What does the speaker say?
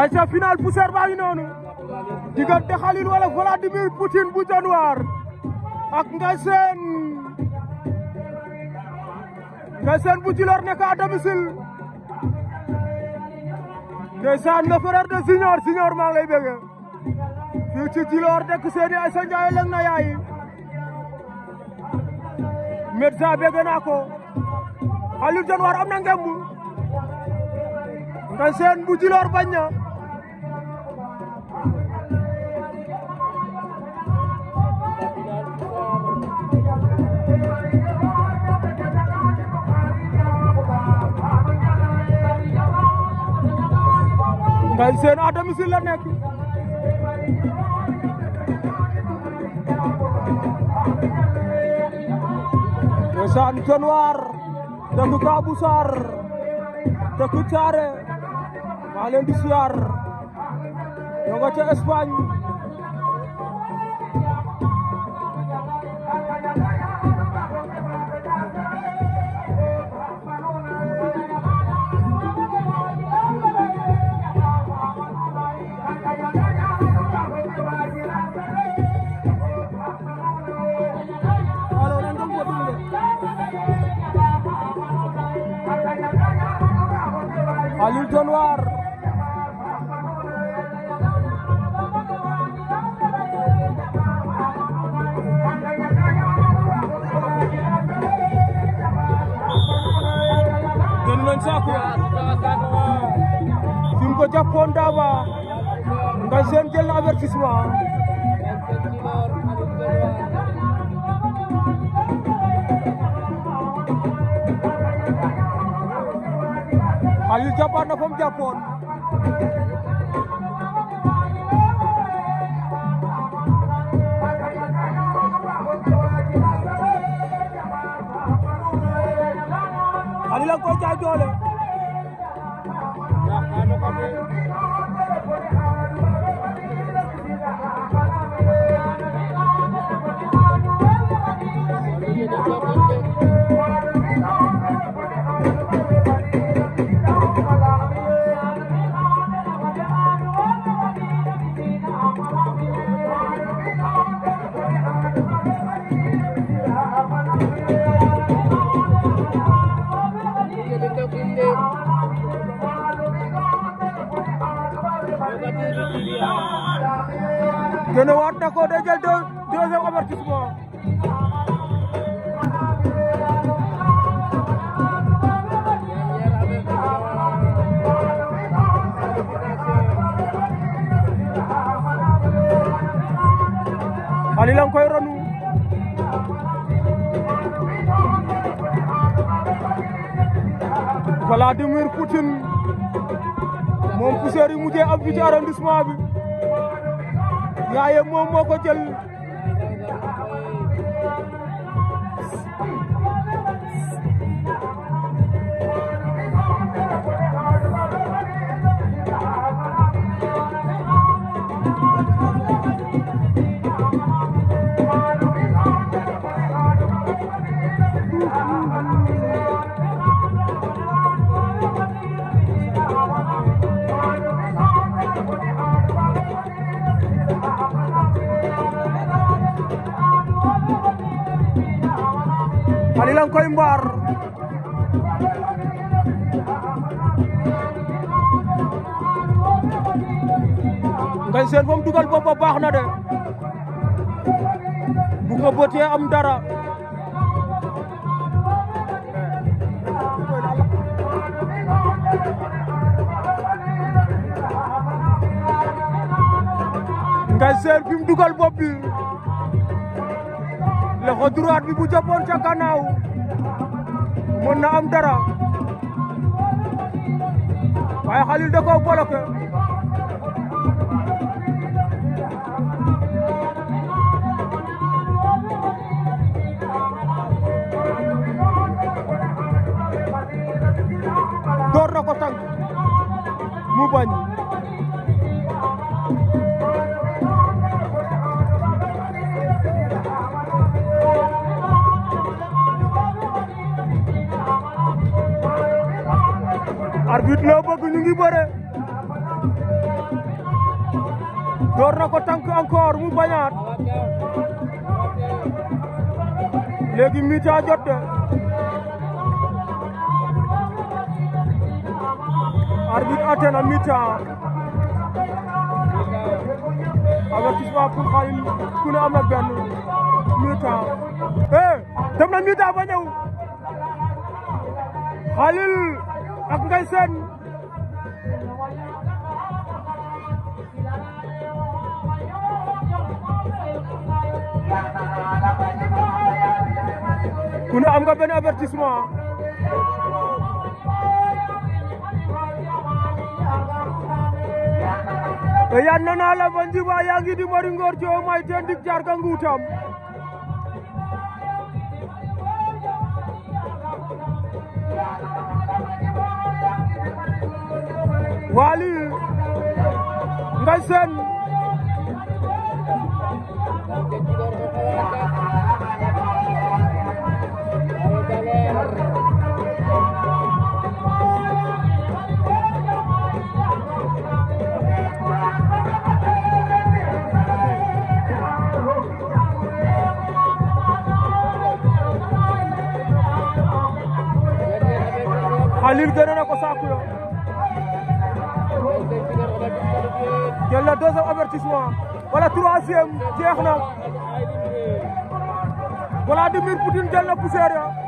ayca final poussière baa ngi noonu diggante Khalil wala Vladimir Poutine bu Januar ak Ngaye Sène Ngaye Sène bu Djilor nekk à domicile ndeysaan le frère de Junior Junior maa lay bëgg fii ci Djilor seeni ay sa njaay lëng na yaay Medza bëgg naa ko Khalil Januar am na ngemb nga seen bu Djilor bañ na Ngaye Sène à domicile la nekk ndeysaan Dionewar dëkk Kabou Sarr dëkk Thiaré maa leen di siyaar ñoo nga ca Espagne Aliou Dionewar Ousmane Sakho fi mu ko jàppoon daaba nga seen jël na avertissement Khalil jàppaat na fa mu jàppoon jaay doole génne waat na ko day jël deux deuxième avertissement Ali lan koy ronu Vladimir Poutine moom poussière yi mujjee am fii ci arrondissement bi Ngaye moom moo ko jël Fally Langue Koy Mbar ngay seen fa mu dugal bopp ba baax na de bu ko bëtee am dara ngay seen fi mu dugal bopp bi loxo droite bi bu jàppoon ca gannaaw mën na am dara waaye Khalil da koo bloqué door na ko tànk mu bañ arbitre loo bëgg ñu ngi bëre ko tànk encore mu bañaat léegi mi jot de arbitre atte na mi-temps avertissement pour Khalil ku benn mi-temps eh dem na mi ak Ngaye am nga benn avertissement yan na naa la ba njiba yaa ngi di mari ngoor coow may ten dik jaar ka nguutam Wali, Ngagne Sène Khalil gën jël na deuxième avertissement wala troisième jeex na Vladimir Poutine jël na poussière ya